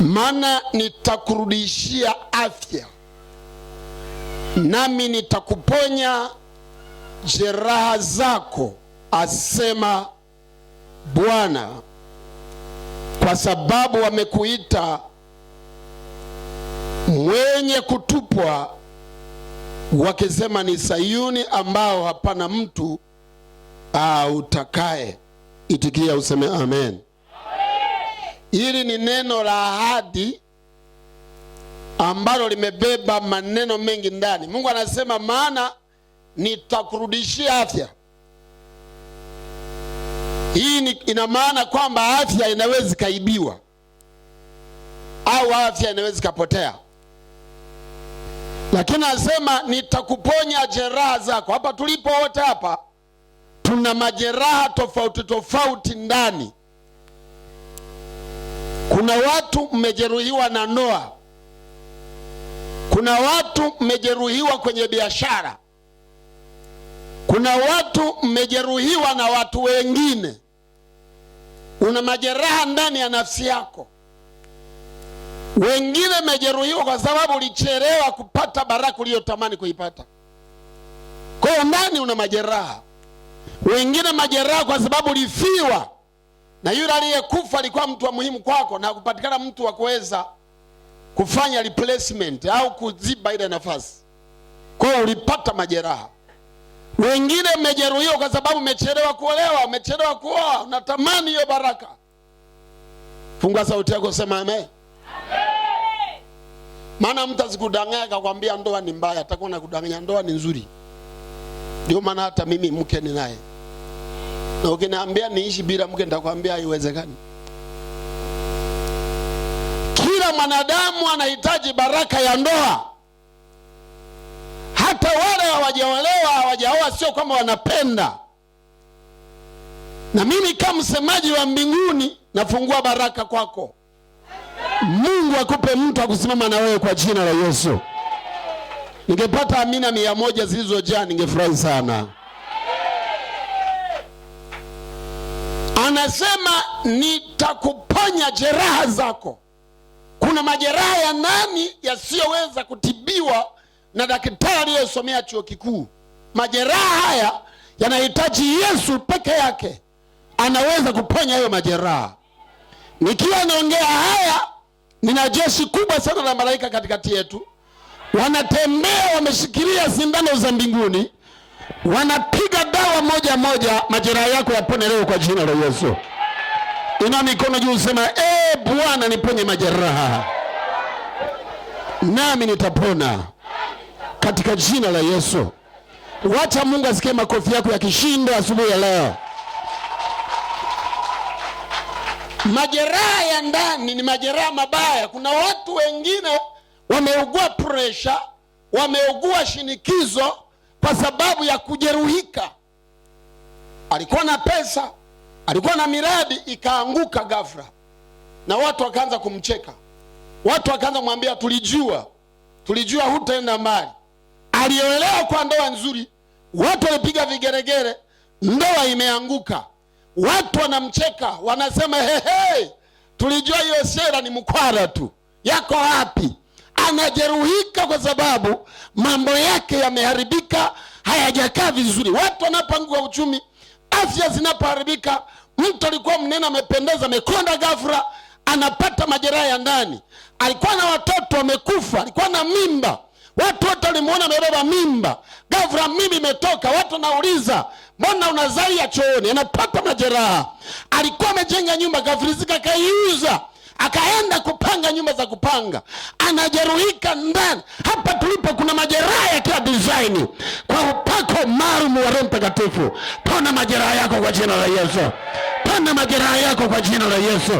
maana nitakurudishia afya, nami nitakuponya jeraha zako, asema Bwana, kwa sababu wamekuita mwenye kutupwa, wakisema ni Sayuni ambao hapana mtu ah, utakaye. Itikia useme amen. Hili ni neno la ahadi ambalo limebeba maneno mengi ndani. Mungu anasema, maana nitakurudishia afya. Hii ina maana kwamba afya inaweza ikaibiwa au afya inaweza ikapotea, lakini anasema nitakuponya jeraha zako. Hapa tulipo wote hapa tuna majeraha tofauti tofauti ndani kuna watu mmejeruhiwa na ndoa, kuna watu mmejeruhiwa kwenye biashara, kuna watu mmejeruhiwa na watu wengine. Una majeraha ndani ya nafsi yako. Wengine mmejeruhiwa kwa sababu ulichelewa kupata baraka uliyotamani kuipata. Kwa hiyo ndani una majeraha. Wengine majeraha kwa sababu ulifiwa na yule aliyekufa alikuwa mtu wa muhimu kwako, na kupatikana mtu wa kuweza kufanya replacement au kuziba ile nafasi. Kwa hiyo ulipata majeraha. Wengine mmejeruhiwa kwa sababu mmechelewa kuolewa, mmechelewa kuoa, unatamani hiyo baraka. Funga sauti yako, sema amen. Maana mtu asikudanganya akakwambia ndoa ni mbaya, atakuwa nakudanganya ndoa ni nzuri. Ndio maana hata mimi mke ninaye na ukiniambia niishi bila mke nitakwambia haiwezekani. Kila mwanadamu anahitaji baraka ya ndoa. Hata wale hawajaolewa hawajaoa, sio kwamba wanapenda. Na mimi kama msemaji wa mbinguni nafungua baraka kwako. Mungu akupe mtu akusimama na wewe kwa jina la Yesu. Ningepata amina mia moja zilizojaa ningefurahi sana. anasema nitakuponya jeraha zako. Kuna majeraha ya ndani yasiyoweza kutibiwa na daktari aliyosomea chuo kikuu. Majeraha haya yanahitaji Yesu peke yake anaweza kuponya hayo majeraha. Nikiwa naongea haya, nina jeshi kubwa sana la malaika katikati yetu, wanatembea wameshikilia sindano za mbinguni wanapiga dawa moja moja, majeraha yako yapone leo kwa jina la Yesu. Ina mikono juu, usema e, eh, Bwana niponye majeraha, nami nitapona katika jina la Yesu. Wacha Mungu asikie makofi yako ya kishindo asubuhi ya leo. Majeraha ya ndani ni majeraha mabaya. Kuna watu wengine wameugua presha, wameugua shinikizo kwa sababu ya kujeruhika. Alikuwa na pesa, alikuwa na miradi, ikaanguka ghafla, na watu wakaanza kumcheka, watu wakaanza kumwambia, tulijua, tulijua hutaenda mbali. Alioelewa kwa ndoa nzuri, watu walipiga vigeregere, ndoa imeanguka, watu wanamcheka, wanasema hehe, tulijua hiyo sera ni mkwara tu, yako wapi? anajeruhika kwa sababu mambo yake yameharibika, hayajakaa vizuri. Watu wanapangua uchumi, afya zinapoharibika, mtu alikuwa mnene, amependeza, amekonda, ghafla anapata majeraha ya ndani. Alikuwa na watoto wamekufa, alikuwa na mimba, watu wote walimuona amebeba mimba, ghafla mimba imetoka, watu wanauliza mbona unazaia chooni? Anapata majeraha. Alikuwa amejenga nyumba, ghafla kaiuza akaenda kupanga nyumba za kupanga, anajeruhika ndani. Hapa tulipo kuna majeraha ya kila design. Kwa upako maalum wa Roho Mtakatifu, pona majeraha yako kwa jina la Yesu, pona majeraha yako kwa jina la Yesu.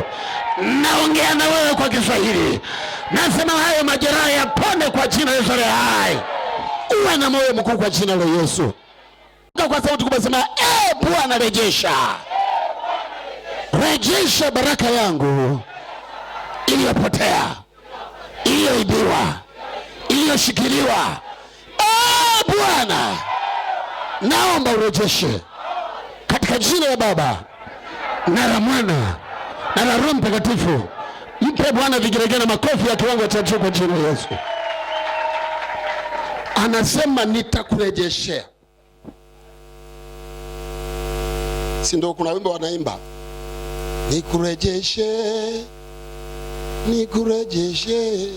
Naongea na wewe kwa Kiswahili, nasema hayo majeraha yapone kwa jina la Yesu hai. Uwe na moyo mkuu kwa jina la Yesu. Kwa sauti kubwa sema, eh Bwana, rejesha rejesha baraka yangu iliyopotea, iliyoibiwa, iliyoshikiliwa. Oh, Bwana naomba urejeshe katika jina la Baba na la Mwana na la Roho Mtakatifu. Mpe Bwana vigeregere makofi ya kiwango cha juu kwa jina la Yesu. Anasema nitakurejeshea. Si ndio? Kuna wimbo wanaimba nikurejeshe nikurejeshe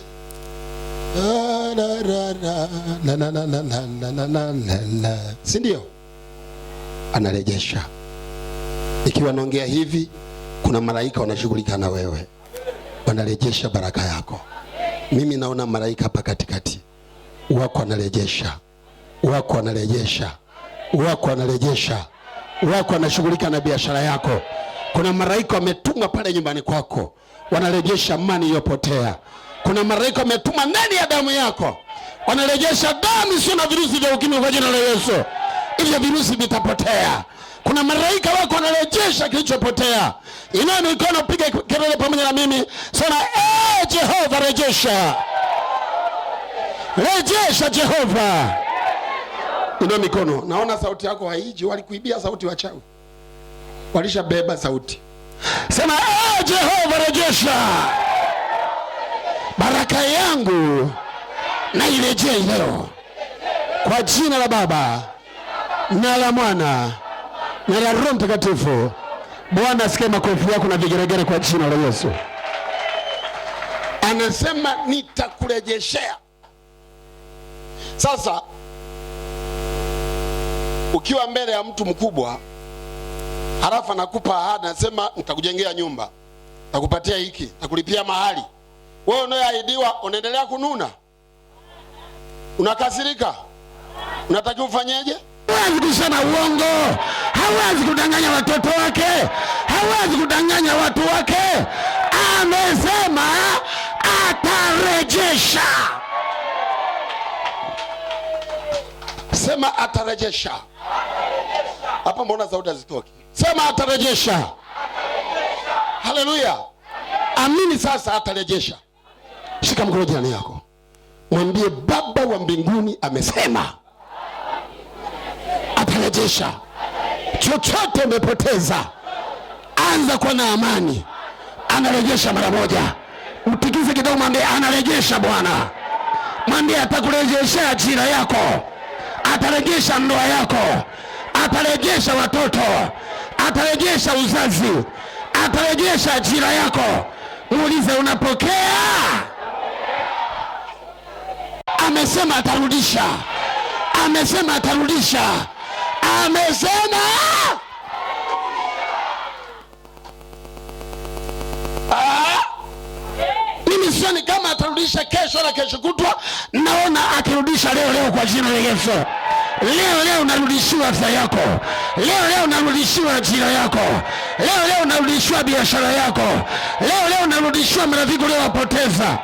si ndio? Anarejesha. Ikiwa naongea hivi, kuna malaika wanashughulika na wewe, wanarejesha baraka yako. Mimi naona malaika hapa katikati wako, anarejesha wako, anarejesha wako, anarejesha wako, anashughulika na biashara yako. Kuna maraika wametuma pale nyumbani kwako, wanarejesha amani iliyopotea. Kuna maraika ametuma ndani ya damu yako, wanarejesha damu sio na virusi vya ukimwi kwa jina la Yesu. Hivyo virusi vitapotea. Kuna maraika wako wanarejesha kilichopotea. Inua mikono, piga kelele pamoja na mimi, sema ee Jehova, rejesha, rejesha Jehova. Inua mikono, naona sauti yako haiji, walikuibia sauti wachawi. Walishabeba sauti, sema eh, Jehova rejesha baraka yangu na irejee leo kwa jina la Baba na la Mwana na la Roho Mtakatifu. Bwana asikie makofi yako na vigeregere kwa jina la Yesu. Anasema nitakurejeshea. Sasa ukiwa mbele ya mtu mkubwa halafu anakupa ahadi, anasema nitakujengea nyumba, nitakupatia hiki, nitakulipia mahali. Wewe unayeahidiwa unaendelea kununa, unakasirika, unatakiwa ufanyeje? Hawezi kushana uongo, hawezi kudanganya watoto wake, hawezi kudanganya watu wake. Amesema atarejesha, sema atarejesha. hapa mbona sauti hazitoki? Sema atarejesha, atarejesha. Haleluya, amini sasa, atarejesha. Shika mkono jirani yako, mwambie Baba wa mbinguni amesema atarejesha chochote umepoteza. Anza kuwa na amani, anarejesha mara moja. Mtikize kidogo, mwambie anarejesha Bwana, mwambie atakurejeshea ajira yako, atarejesha ndoa yako, atarejesha watoto atarejesha uzazi, atarejesha ajira yako. Muulize, unapokea? Amesema atarudisha, amesema atarudisha, amesema ah! sioni kama atarudisha kesho na kesho kutwa. Naona akirudisha leo leo, kwa jina la Yesu. Leo leo unarudishiwa afya yako, leo leo unarudishiwa ajira yako, leo leo unarudishiwa biashara yako, leo leo unarudishiwa marafiki uliowapoteza.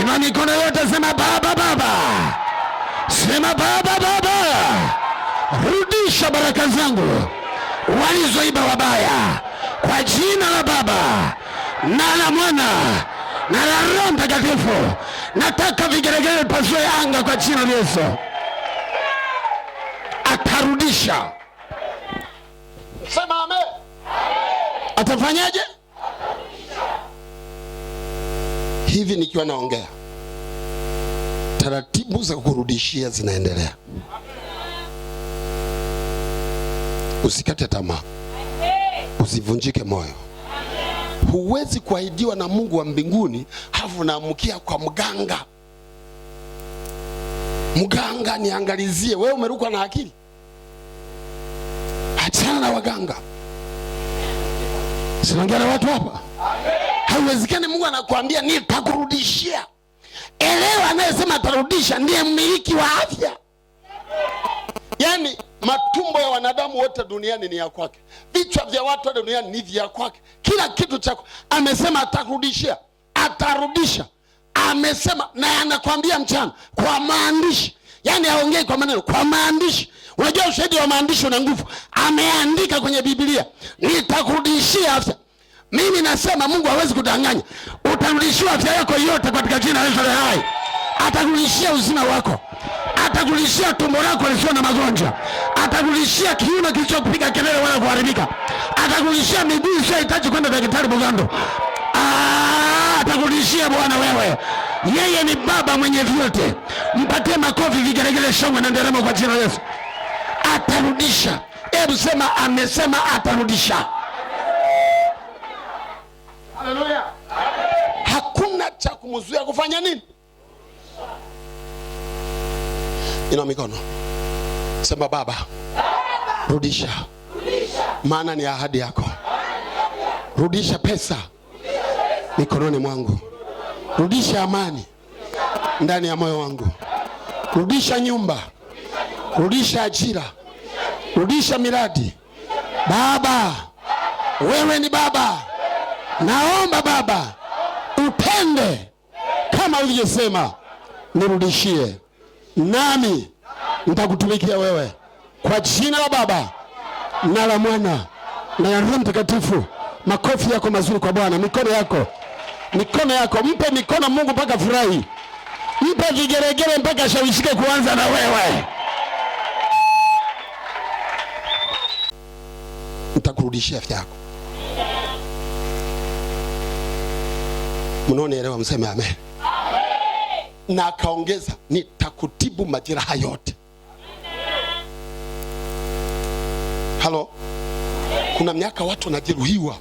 Inua mikono yote, sema Baba, Baba, sema Baba, Baba, rudisha baraka zangu walizoiba wabaya, kwa jina la Baba na la Mwana na la Roho Mtakatifu. Nataka vigeregere pasue anga kwa jina la Yesu atarudisha. Sema ame, atafanyaje? Hivi nikiwa naongea, taratibu za kurudishia zinaendelea. Usikate tamaa, usivunjike moyo. Huwezi kuahidiwa na Mungu wa mbinguni halafu naamkia kwa mganga, mganga niangalizie. Wewe umerukwa na akili? achana na waganga. Sinaongea na watu hapa. Haiwezekani Mungu anakuambia nitakurudishia. Elewa, anayesema atarudisha ndiye mmiliki wa afya. Yaani matumbo ya wanadamu wote duniani ni ya kwake, vichwa vya watu wote duniani ni vya kwake, kila kitu chako. Amesema atarudishia, atarudisha. Amesema na anakwambia mchana kwa maandishi yaani haongei kwa maneno, kwa maandishi. Unajua ushahidi wa maandishi una nguvu, ameandika kwenye Biblia, nitakurudishia afya. Mimi nasema Mungu hawezi kudanganya, utarudishiwa afya yako yote katika jina la Yesu hai. Atakurudishia uzima wako, atakurudishia tumbo lako lisio na magonjwa, atakurudishia kiuno kilichokupiga kelele wala kuharibika, atakurudishia miguu isiyohitaji kwenda daktari Bugando, atakurudishia Bwana wewe yeye ni Baba mwenye vyote. Mpatie makofi, vigeregere, shangwe na nderemo kwa jina la Yesu. Atarudisha. Hebu sema, amesema atarudisha. Haleluya! Hakuna cha kumzuia kufanya nini? Ina mikono sema, Baba, Baba, rudisha, rudisha. Maana ni ahadi yako, rudisha pesa, rudisha pesa mikononi mwangu Rudisha amani ndani ya moyo wangu, rudisha nyumba, rudisha ajira, rudisha miradi. Baba, wewe ni Baba, naomba Baba utende kama ulivyosema, nirudishie nami nitakutumikia wewe, kwa jina la Baba na la Mwana na ya Roho Mtakatifu. Makofi yako mazuri kwa Bwana, mikono yako mikono yako, mpe mikono Mungu mpaka furahi, mpe vigeregere mpaka shawishike kuanza na wewe. Nitakurudishia afya yako. Mnaonielewa mseme amen. Na akaongeza nitakutibu majeraha yote. Halo, kuna miaka watu wanajeruhiwa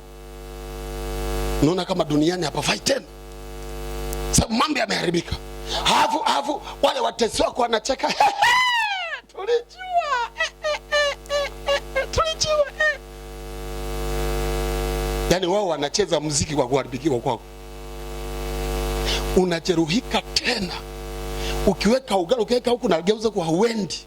Naona kama duniani hapafai tena, sababu mambo yameharibika. Halafu halafu wale watesi wako wanacheka tulijua, eh, eh, eh, tulijua. Yani wao wanacheza mziki kwa kuharibikiwa kwako, unajeruhika tena, ukiweka ugali ukiweka huku nageuza kwa huendi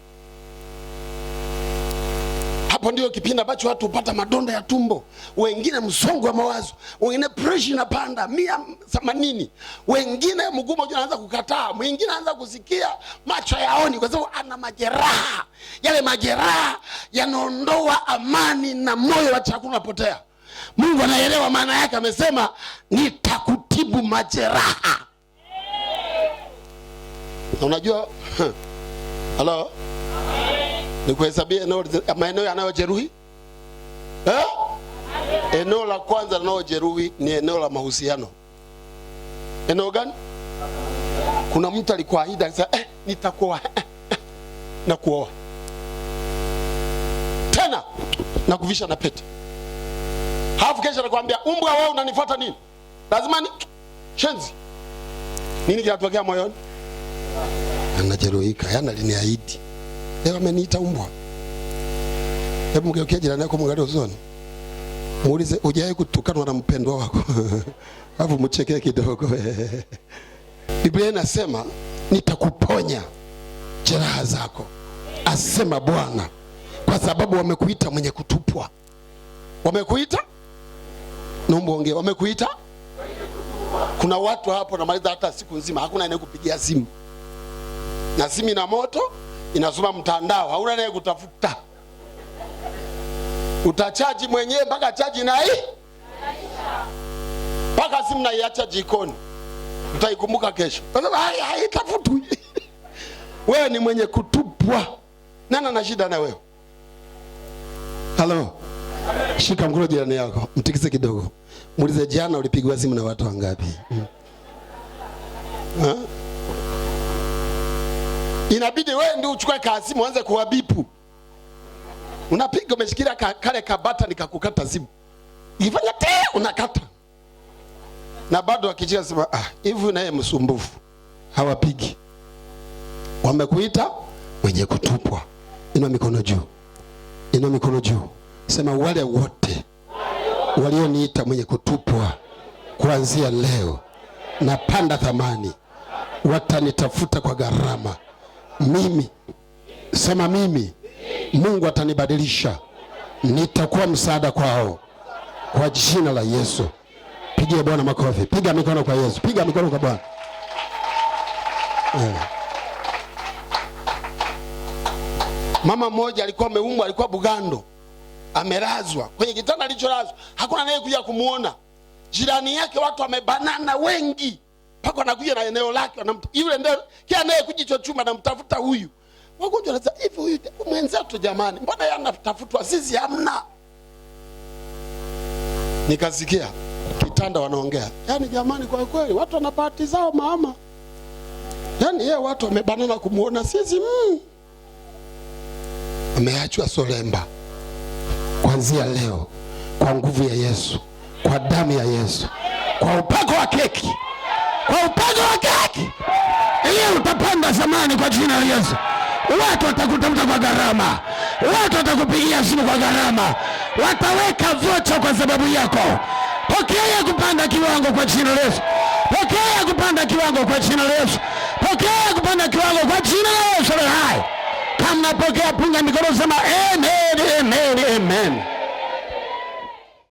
hapo ndio kipindi ambacho watu hupata madonda ya tumbo, wengine msongo wa mawazo, wengine pressure inapanda mia themanini, wengine mguu mmoja anaanza kukataa, mwingine anaanza kusikia macho yaoni, kwa sababu ana majeraha. Yale majeraha yanaondoa amani na moyo wa chakula unapotea. Mungu anaelewa maana yake, amesema nitakutibu majeraha. Unajua halo ni kuhesabia maeneo yanayojeruhi eh? Eneo la kwanza linalojeruhi ni eneo la mahusiano. Eneo gani? Kuna mtu alikuahidi akisema, eh, nitakuoa eh, eh, na kuoa tena na kuvisha na pete, halafu kesha anakuambia umbwa, wewe unanifuata nini? Lazima ni shenzi. Nini kinatokea moyoni? Anajeruhika, yana liniahidi Leo ameniita mbwa. Hebu mgeukia jirani yako mwangalie usoni. Muulize hujawahi kutukanwa na mpendwa wako. Alafu mchekee kidogo. Biblia inasema nitakuponya jeraha zako, asema Bwana, kwa sababu wamekuita mwenye kutupwa. Wamekuita naomba ongea, wamekuita. Kuna watu hapo namaliza hata siku nzima, hakuna anayekupigia simu na simu ina moto inasoma mtandao, hauna naye kutafuta, utachaji mwenyewe mpaka chaji nai mpaka simu naiacha jikoni, utaikumbuka kesho, haitafutwi wewe ni mwenye kutupwa. Nani ana shida na wewe? Halo, shika mkono jirani yako, mtikise kidogo, muulize, jana ulipigwa simu na watu wangapi? hmm inabidi wewe ndio uchukue kasimu uanze kuwabipu. Unapiga umeshikilia ka, kale kabata nikakukata simu, ifanya te unakata na bado akijia sema ah, hivi naye msumbufu hawapigi wamekuita wenye kutupwa. Inua mikono juu, inua mikono juu, sema wale wote walioniita mwenye kutupwa, kuanzia leo napanda thamani, watanitafuta kwa gharama. Mimi sema mimi, Mungu atanibadilisha, nitakuwa msaada kwao, kwa jina la Yesu. Pigie Bwana makofi, piga mikono kwa Yesu, piga mikono kwa Bwana. Yeah. Mama mmoja alikuwa ameumwa, alikuwa Bugando, amelazwa kwenye kitanda, alicholazwa hakuna naye kuja kumuona. Jirani yake watu wamebanana wengi mpaka anakuja na eneo lake, yule ndio kila anayekuja hicho chumba namtafuta huyu. Wagonjwa wanasema hivi, huyu mwenzetu jamani, mbona yeye anatafutwa, sisi hamna? Nikasikia kitanda wanaongea, yaani jamani, kwa kweli watu wana party zao mama, yaani yeye watu wamebanana kumuona, sisi mm. Ameachwa Solemba kuanzia leo, kwa nguvu ya Yesu, kwa damu ya Yesu, kwa upako wa keki kwa upanga wa kaki ili utapanda zamani kwa jina la Yesu. Watu watakutafuta kwa gharama, watu watakupigia simu kwa gharama, wataweka vocha kwa sababu yako. Pokea ya kupanda kiwango kwa jina la Yesu. Pokea ya kupanda kiwango kwa jina la Yesu. Pokea ya kupanda kiwango kwa jina la Yesu hai. Kama napokea, punga mikono, sema amen, amen, amen, amen.